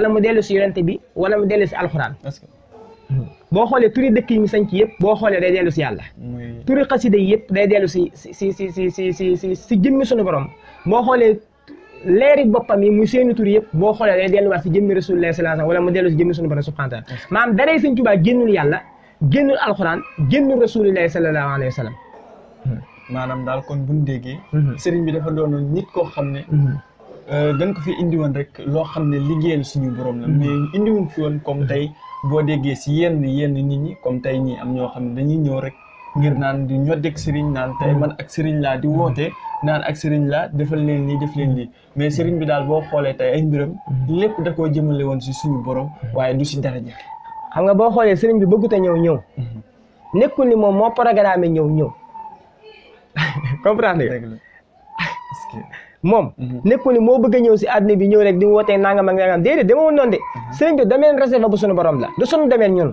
wala mu delu ci yonente bi wala mu delu ci alxuraan bo xolé turi dëkk yi mi sanki yëpp bo xolé day delu ci yàlla turi xasida yi yëpp day delu ci ci ci ci ci ci ci ci si jëmmi sunu borom boo xoolee leeri boppam yi muy seeni tur yëpp boo xoolee day delluwaat si jëmmi rasulullah sallallahu alayhi wala mu delu ci jëmmi sunu borom subhanahu wa taala maanaam darey sëñ Tuubaa génnul yàlla génnul alxuraan génnul rasulullah sallallahu alayhi wasallam manam dal kon buñu déggee sëriñ bi dafa doon nit ko xamné Euh, dañ ko fi indi rek loo xam ne liggéeyal suñu borom la. mais mm-hmm. indi fi woon comme tey boo déggee si yenn yenn nit ñi comme tey ñii am ñoo xam ne dañuy ñëw rek ngir naan di ñoddeeg sëriñ naan tey man ak sëriñ laa di woote. Mm-hmm. naan ak sëriñ laa defal leen lii def leen lii mais sëriñ bi daal boo xoolee tey ay mbiram. Mm-hmm. lépp da koo jëmale woon si suñu borom. waaye du si dara jafe. xam nga boo xoolee sëriñ bi bëggut a ñëw ñëw. nekkul ni moom moo programme ñëw ñëw comprendre nga. moom mhm. nekkul ni moo bëgg a ñëw si àddina bi ñëw rek di wootee nangam ak nangam déedéet dama woon noonu de mhm. sëriñ bi dameen réserve bu sunu borom la du sunu demeen ñun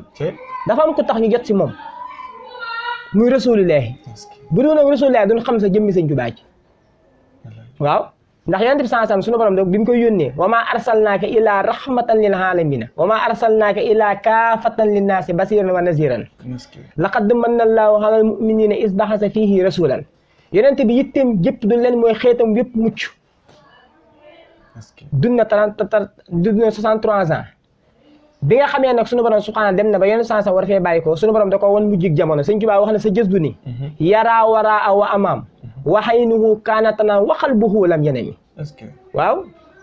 dafa am ko tax ñu jot si moom muy rasulillahi bu dul woon rasulillahi duñ xam sa jëmmi sëñ Tuubaa ji waaw ndax yonent bi sansam sunu borom da bi mu koy yónnee wa maa arsalnaaka ila rahmatan lil aalamiina wa maa arsalnaaka illaa kaafatan linnaasi basiran wa naziran laqad manna allaahu alal mu'miniina iz ba'asa fiihi rasulan yonent bi yitteem yëpp du leen mooy xeetam yëpp mucc dund na trente dund na soixante trois ans bi nga xam xamee nag sunu borom subhaana dem na ba yenn sansa war fee bàyyi ko sunu borom da ko won mujjig jamono sëñ Tuubaa wax na sa jës du ni mhm. yaraa waraa a wa amaam mhm. waxaynuhu kaanatana waxal buhu lam yeneen mi waaw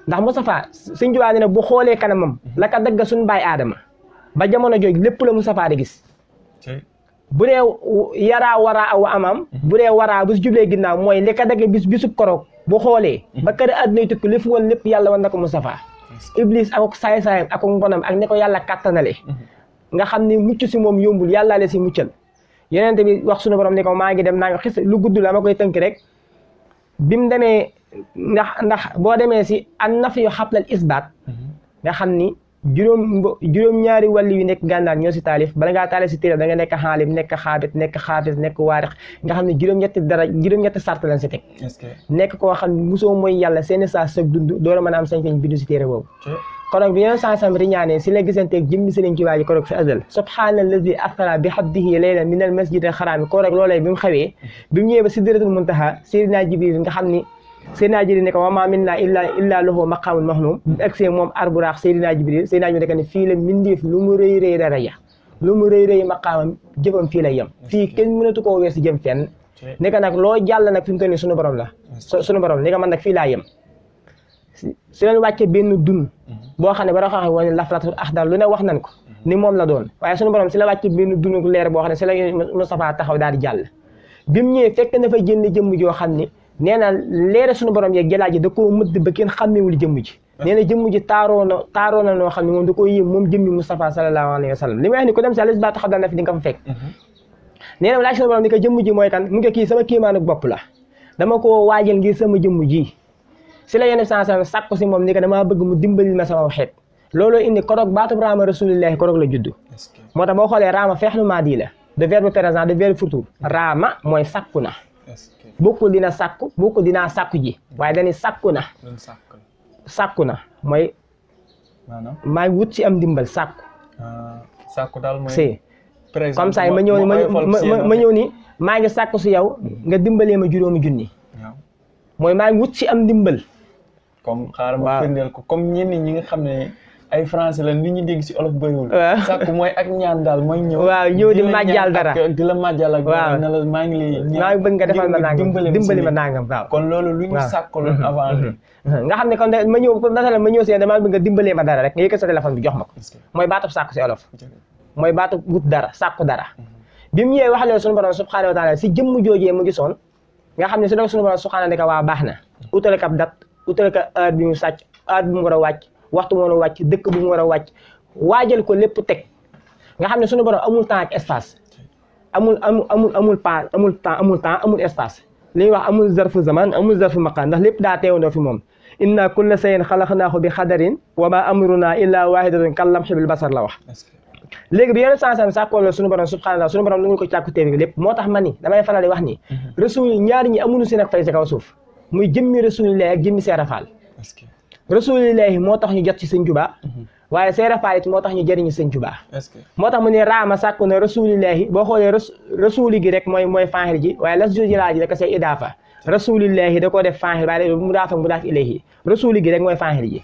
ndax Moustapha sëñ Tuubaa ne bu xoolee kanamam mhm. la ka dagga suñu baay aadama ba jamono jooj lépp la Moustapha di gis bu dee yaraa waraa aw amam mhm. bu dee waraa bu si jublee ginnaaw mooy lekka ka bis bis bisub koroog bu xoolee ba mhm. kër àdduna tukki ku fu woon lépp yàlla wan na ko Moustapha iblis ak saay-saayam ak mbonam ak ne ko yàlla kattanale mhm. nga xam ni mucc si moom yombul yàllaa le si muccal yeneen bi wax sunu borom ne ko maa ngi dem naa ngi xis lu gudd la ma koy tënk rek bi mu demee ndax ndax boo demee si an naf yu xablal isbaat nga xam ni juróom ñaari wàlli yu nekk gànnaar ñoo si taalif bala ngaa taalif si téere da nga nekk xaalim nekk xaabit nekk xaafis nekk waarix nga xam ne juróom-ñetti dara juróom-ñetti sart lañ si teg nekk koo xam ne mosoo mooy yàlla seeni saa sag dund door a mën bindu si téere boobu korog bi yeneen sansam riñaane si la gisanteeg jëmmi sëriñ ci waa ji korog azal subhaanallazi asra bi xabdihi laylan minal masjidil xaraami korog loolee bi xewee bi Seydina Jibril ne ko wa maa minnaa illaa illaa lahu maqaamun mahmuum bi agsee moom ar arburaax Seydina a Seydina Jibril ne ko ne fii la mbindeef lu mu rëy rëy dara ja lu mu rëy rëy maqaamam jëfam fii la yem fii kenn mënatu koo weesu jëm fenn ne ko nag loo jàll nag fi mu toll nii sunu borom la sunu borom ne ko man nag fii laa yem su leen benn dun boo xam ne bara xaxe woon lafratul axdar lu ne wax nañ ko ni moom la doon waaye sunu borom si la wàccee benn dun leer boo xam ne si la Moustapha taxaw daal di jàll bi mu ñëwee fekk na fa jënd jëmm joo xam ne nee na leere suñu borom yeeg jëlaat ji da koo mëdd ba kenn xàmmewul jëmm ji nee na jëmm ji taaroo na taaroo na noo xam ne moom da ko yéem moom jëmmi Moustapha sallallahu alayhi wa sallam li ni ku dem si àlis na fi mhm. jëmm ji mooy kan mu ngi kii sama kiimaanu bopp la dama ko waajal ngi sama jëmm ji si la yeneen saa saa sàkku si moom ni ko damaa bëgg mu dimbalil ma sama xeet looloo indi koroog baatub raama rasulillahi koroog la juddu moo tax boo xoolee raama feexlu maa dii la de verbe présent de verbe futur raama mooy sàkku na bokkul dina sàkku bokkul dinaa sàkku ji waaye dañuy sàkku na sàkku na mooy maa ngi wut ci am ndimbal sàkku ah, sàkku daal mooy comme ça ma ñëw ma ñëw ni maa ngi sàkku si yow nga dimbalee ma juróomi junni mooy maa ngi wut ci am ndimbal kom xaaral ko comme ñenn ñi nga xam ne ay français la nit ñi dégg ci olof bëriwul. waaw sàkk mooy ak ñaan daal mooy ñëw. waaw ñëw di màjjal dara di la màjjal ak. waaw na la maa ngi lay. maa ngi bëgg nga defal ma nangam dimbali ma nangam waaw. kon loolu lu ñu sakku lu mhm. avant. Mhm. Mhm. nga xam kon ma ñëw la ma ñëw seen dama bëgg nga dimbalee ma dara rek nga yëkkat sa téléphone bi jox mako ko. mooy baatu sàkk si olof. mooy baatu gut dara sakku dara. bi mu ñëwee wax leen sunu borom subhanahu wa taala ci jëm jojé mu ngi son nga xam suñu borom subhanahu wa taala waa wa baxna utale kap dat utale ka heure bi mu sàcc heure bi mu war a waxtu mo wara wàcc dëkk bu mo wara wàcc wajjal ko lépp tek nga xamne suñu borom amul temps ak espace amul amul amul amul pas amul temps amul temps amul espace li wax amul zarf zaman amul zarf maqaan ndax lépp da daa ndo fi mom inna kulla sayin khalaqnahu bi xadarin wa ma amruna illa wahidatun kallam shibil basar la wax léegi bi yeneen sansam sàkkool suñu borom subhanallah suñu borom nangul ko càkku téeméer lépp motax man ni damay faral wax ni rasul ñaar ñi amuñu seen ak fay ci kaw suuf muy jëmmi rasul lay ak jëmmi rafal rasulillahi moo tax ñu jot ci sëñ Tuubaa waaye Seera Faal it moo tax ñu jëriñu sëñ Tuubaa moo tax mu ne raama sàkku na rasulillahi boo xoolee rasuli gi rek mooy mooy fanxir ji waaye las jo jilaa ji rek say idaafa rasulillahi da koo def fanxir mu daafak mu daaf ilayhi rasuli gi rek mooy fanxir ji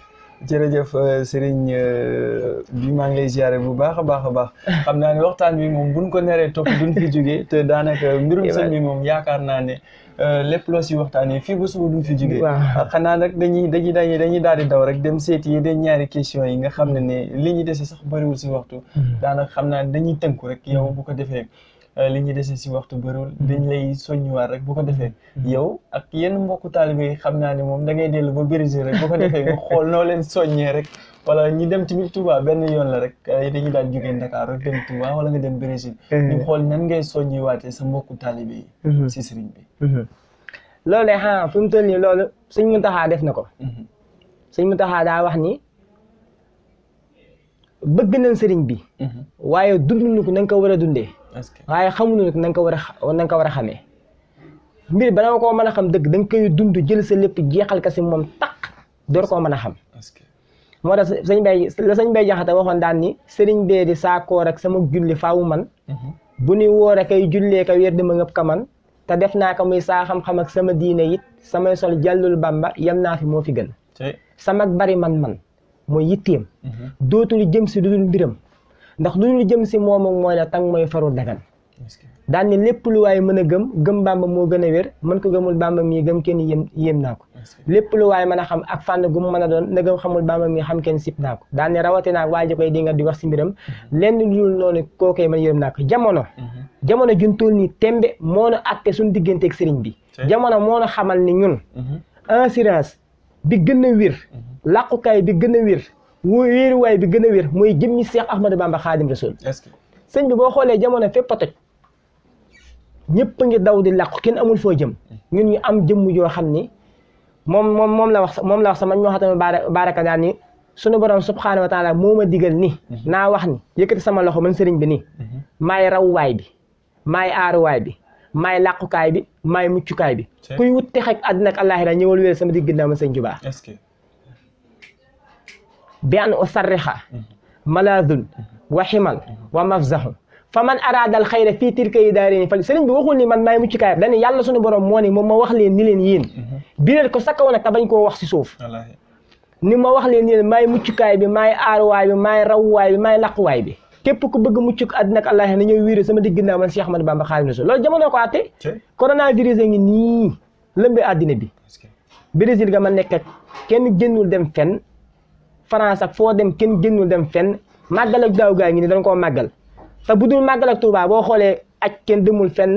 jërëjëf euh, Serigne euh, bi maa ngi lay bu baax a baax a baax xam naa ne waxtaan bi moom buñ ko neree topp duñ fi jógee te daanaka mbirum sëñ yi moom yaakaar naa ne euh, lépp loo si waxtaanee fii ba suba duñ fi jógee ah, xanaa nag dañuy dañuy dañuy dañuy daal di daw rek dem seeti yeneen ñaari question yi nga xam ne ne li ñu dese sax bariwul si waxtu hmm. daanaka xam naa ne dañuy tënku rek yow bu ko defee Euh, li ñuy dese si waxtu bëriwul mhm. dañ lay soññuwaat rek boo ko defee mhm. yow ak yenn mbokku taalibe yi xam naa ne moom da ngay dellu ba Brésil rek bu ko defee nga xool noo leen soññee rek wala ñu dem tamit Touba benn yoon la rek euh, dañuy daal jógee Dakar rek dem Touba wala nga dem Brésil eh. ñu xool nan ngay soññiwaatee sa mbokku taalibe yi mhm. si sëriñ bi loolu de xanaa fi mu toll nii loolu sëñ taxaa def na ko sëñ taxaa daa wax ni bëgg nañ sëriñ bi waaye dund nu ko na ko war a dundee waaye xamuñu nag na ko war a na ko war a xamee mbir bala nga koo mën a xam dëgg da nga koy dund jël sa lëpp jeexal ka si moom taq door koo mën a xam moo tax sëñ bay la sëñ bay jaxate waxoon daan ni sëriñ bee di saakoor ak sama julli faawu man mhm. bu nuy woor a kay jullee ka wér di ma ngëpp ka man te def naa ko muy saa xam ak sama diine yit samay sol jàllul bamba yem naa fi moo fi gën sama bari man-man mooy yitteem mhm. dootul jëm si dudul mbiram ndax lu lu jëm si moom ak mooy la tang mooy faru dagan daan ne lépp lu waaye mën a gëm gëm bàmba moo gën a wér mën ko gëmul bàmba mii gëm kenn yéem yéem naa ko lépp lu waaye mën a xam ak fànn gu mu mën a doon na gëm xamul bàmba mii xam kenn sib naa ko daan ne rawati naa waa ji koy di nga di wax si mbiram lenn lu dul noonu kookoy man yërëm naa ko jamono jamono juntool nii tembe moo nu atte suñu digganteeg sëriñ bi jamono moo nu xamal ni ñun mhm. assurance bi gën a wér mhm. bi gën a wér wéeru waay bi gën a wér mooy jëmmi Cheikh Ahmadou Bamba Khadim Rasoul sëñ bi boo xoolee jamono fépp a toj ñëpp a ngi daw di làqu kenn amul foo jëm ñun ñu am jëmm joo xam ni moom moom moom la wax moom la wax sama ñu wax tamit baara baaraka daan ni sunu borom subxanahu wa taala moo ma digal ni naa wax ni yëkkati sama loxo man sëriñ bi nii maay rawwaay bi maay aaruwaay bi maay làqukaay bi maay muccukaay bi kuy wut texeeg àddina ak àllaaxira ñëwal wéer sama digg ginnaaw ma sëñ Juba bi an usarrixa malaadun wa ximal wa mafzaxu fa man araada al xayra fii tilka yi daari ni fal sëriñ bi waxul ni man maay mucc kaayam dañu yàlla suñu borom moo ne moom ma wax leen ni leen yéen biréel ko sa kaw nag te bañ koo wax si suuf ni ma wax leen ni leen maay muccukaay bi maay aaruwaay maay rawwaay bi maay laquwaay bi képp ku bëgg mucc àddina ak na ñëw wiiri sama digg ginnaaw man Cheikh Ahmadou Bamba Xaadimu Rasuul loolu jamono ko àtte coronavirus a ngi nii lëmbe àddina bi Brésil ga ma nekk kenn génnul dem fenn France ak foo dem kenn génnul dem fenn màggal ak daaw gaa ngi ni dañ koo màggal ta bu dul màggal ak boo xoolee aj kenn demul fenn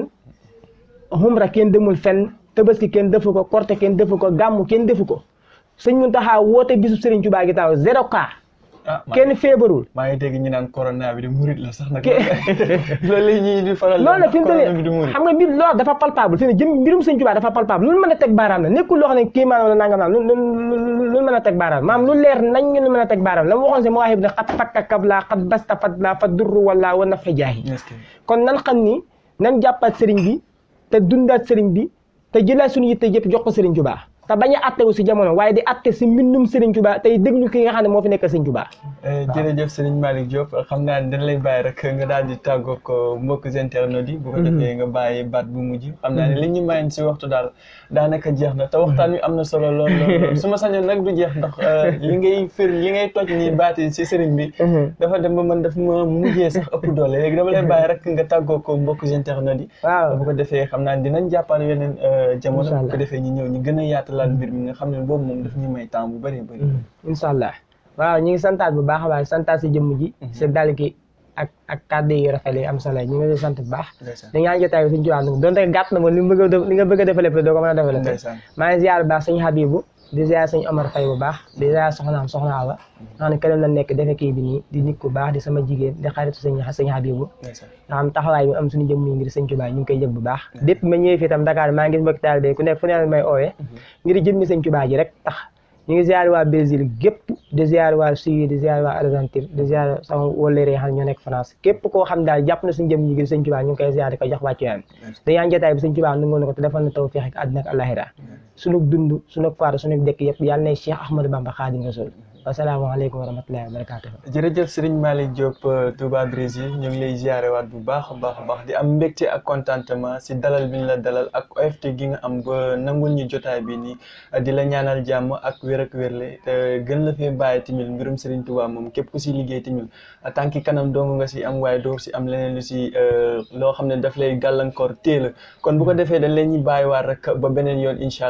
humra kenn dëmul fenn tabaski kenn defu ko korte kenn defu ko gàmmu kenn defu ko sëñ Muntaxa woote bisu Sëriñ Touba gi taw zéro cas Ah, kenn feebarul. maa ngi dégg ñu naan corona bi de murit la sax na loolu la di faral loolu la fi mu toll xam nga mbir loolu dafa palpable fi ne jëm mbirum Sëñ Tuubaa dafa palpable loolu mën a teg baaraam la nekkul loo xam ne kii nan la nangam naan lu a teg baaraam maam lu leer nañ ñu lu mën a teg baaraam la mu waxoon si ma waxee ne xat fakka kab laa xat basta fat laa fa durru wala wa nafa jaahi kon nan xam ni nan jàppaat sëriñ bi te dundaat sëriñ bi te jëlaat suñu yitte yëpp jox ko sëriñ Tuubaa te bañ a attewu si jamono waaye di atte si mbindum Serigne Touba tey déglu ki nga xam ne moo fi nekk Serigne Touba. Eh, jërëjëf Serigne Malick Diop xam naa ne dañ lay bàyyi rek nga daal di tàggoog mbokk internautes yi. bu ko mhm. defee nga bàyyi baat bu mujj. xam naa ne mhm. li ñu mayoon si waxtu daal daanaka jeex na te waxtaan wi am na solo lool su ma sañoon nag du jeex ndax euh, li ngay fir li ngay toj nii yi si Serigne bi. Mhm. dafa dem ba man daf ma mujjee sax ëpp doole léegi dama lay bàyyi rek nga tàggoog mbokk internautes yi. waaw bu ko defee naa ne dinañ jàppal yeneen euh, jamono bu ko defee ñu ñëw ñu gën a yaatu yaatalal mbir mi nga xam ne boobu moom daf ñuy may temps bu bëree bëri mm. incha waaw ñu santaat bu baax a baax santaat si jëmm ji mm-hmm. sa dal ak ak kàddu yi am solo ñu ngi lay sant bu baax di ñaan jotaay bi suñu ci wàllu donte na moom li nga bëgg a defalee doo ko mën a defalee maa ngi ziar bu baax sëñ Habibou di ziar sëñ Omar bu baax di ziar soxnaam soxna Awa nga xam la nekk defe kii bi nii di nit ku baax di sama jigéen di xaritu sëñ sëñ Habibu nga xam taxawaay bi am suñu jëm ngir sëñ Tuubaa ñu ngi koy jëg bu baax depuis ma ñëwee fii tam Dakar maa ngi mbokk taal bi ku nekk fu ne may oowee mm-hmm. ngir jëmmi sëñ Tuubaa ji rek tax ñu ngi ziare waa Brésil gépp di ziare waa Chili di ziare waa Argentine di ziare sama wóllare yi xam ne ñoo nekk France képp koo xam daal jàpp na suñu jëm ñu gis sëñ ñu ngi koy ziare ko jox wàccu yaayam dañaan jotaay bi sëñ Tuubaa nu ko te na taw feex ak àddina ak àllaaxira suñu dund suñu faar suñu dëkk yëpp yàlla na Cheikh Ahmadou Bamba Xaadimu Rasuul asalaamaaleykum wa rahmatullahi wa barakaatu. jërëjëf Serigne Malick Diop euh, Touba Brésil ñu ngi lay waat bu baax a baax a baax di am mbégte ak contentement si dalal bi ñu la dalal ak oft gi nga am ba nangul ñu jotaay bi nii di la ñaanal jàmm ak wér ak wérle te gën la fee bàyyi tamit mbirum Serigne Touba moom képp ku si liggéey tamit tànki kanam dong nga si am waaye door si am leneen lu si euh, loo xam ne daf lay gàllankoor téela kon bu ko defee dañ leen ñu bàyyiwaat rek ba beneen yoon incha